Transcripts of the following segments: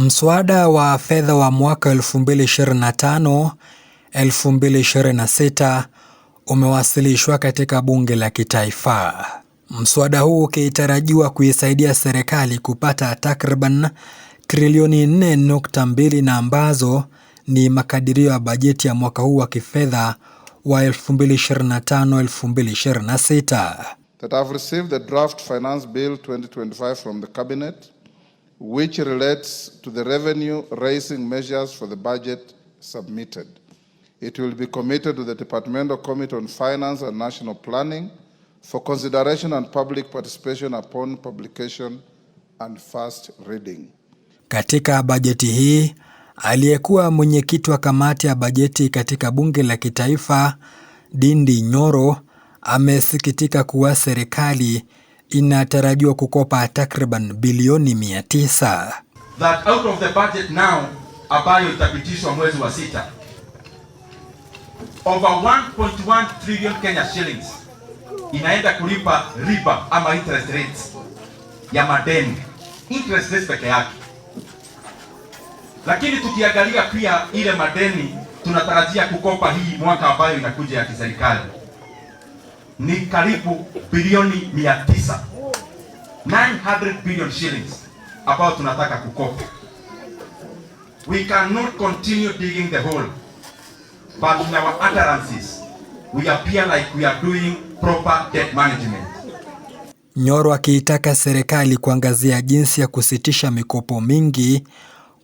Mswada wa fedha wa mwaka 2025 2026 umewasilishwa katika bunge la kitaifa. Mswada huu ukitarajiwa kuisaidia serikali kupata takriban trilioni 4.2 na ambazo ni makadirio ya bajeti ya mwaka huu wa kifedha wa 2025 2026. That I've received the draft finance bill 2025 from the cabinet which relates to the revenue raising measures for the budget submitted. It will be committed to the Departmental Committee on Finance and National Planning for consideration and public participation upon publication and first reading. Katika bajeti hii, aliyekuwa mwenyekiti wa kamati ya bajeti katika bunge la kitaifa Dindi Nyoro amesikitika kuwa serikali inatarajiwa kukopa takriban bilioni 900 that out of the budget now ambayo itapitishwa mwezi wa sita over 1.1 trillion Kenya shillings inaenda kulipa riba ama interest rates ya madeni interest rates peke yake, lakini tukiangalia pia ile madeni tunatarajia kukopa hii mwaka ambayo inakuja ya kiserikali ni karibu bilioni mia tisa 900 billion shillings ambao tunataka kukopa. We cannot continue digging the hole but in our utterances we appear like we are doing proper debt management. Nyoro akiitaka serikali kuangazia jinsi ya kusitisha mikopo mingi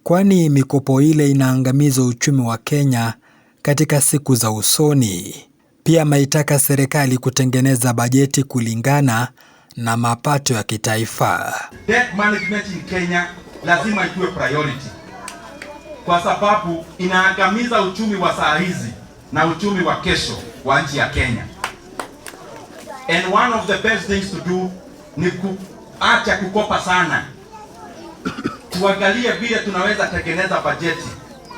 kwani mikopo ile inaangamiza uchumi wa Kenya katika siku za usoni. Pia ameitaka serikali kutengeneza bajeti kulingana na mapato ya kitaifa. Debt management in Kenya lazima ikiwe priority kwa sababu inaangamiza uchumi wa saa hizi na uchumi wa kesho wa nchi ya Kenya. And one of the best things to do ni kuacha kukopa sana. Tuangalie vile tunaweza tengeneza bajeti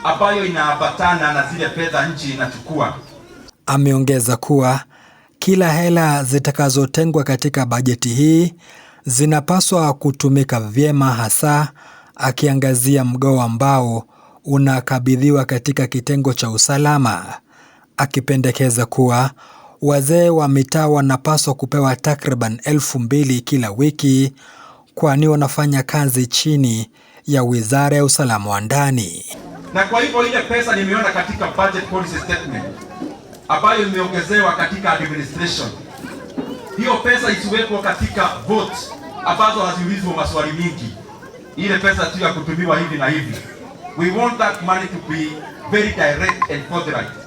ambayo inaambatana na zile fedha nchi inachukua. Ameongeza kuwa kila hela zitakazotengwa katika bajeti hii zinapaswa kutumika vyema, hasa akiangazia mgao ambao unakabidhiwa katika kitengo cha usalama, akipendekeza kuwa wazee wa mitaa wanapaswa kupewa takriban elfu mbili kila wiki, kwani wanafanya kazi chini ya Wizara ya Usalama wa Ndani. Na kwa hivyo ile pesa nimeona katika budget policy statement ambayo imeongezewa katika administration. Hiyo pesa isiwekwe katika vote ambazo haziulizwa maswali mingi, ile pesa tu ya kutumiwa hivi na hivi. We want that money to be very direct and forthright.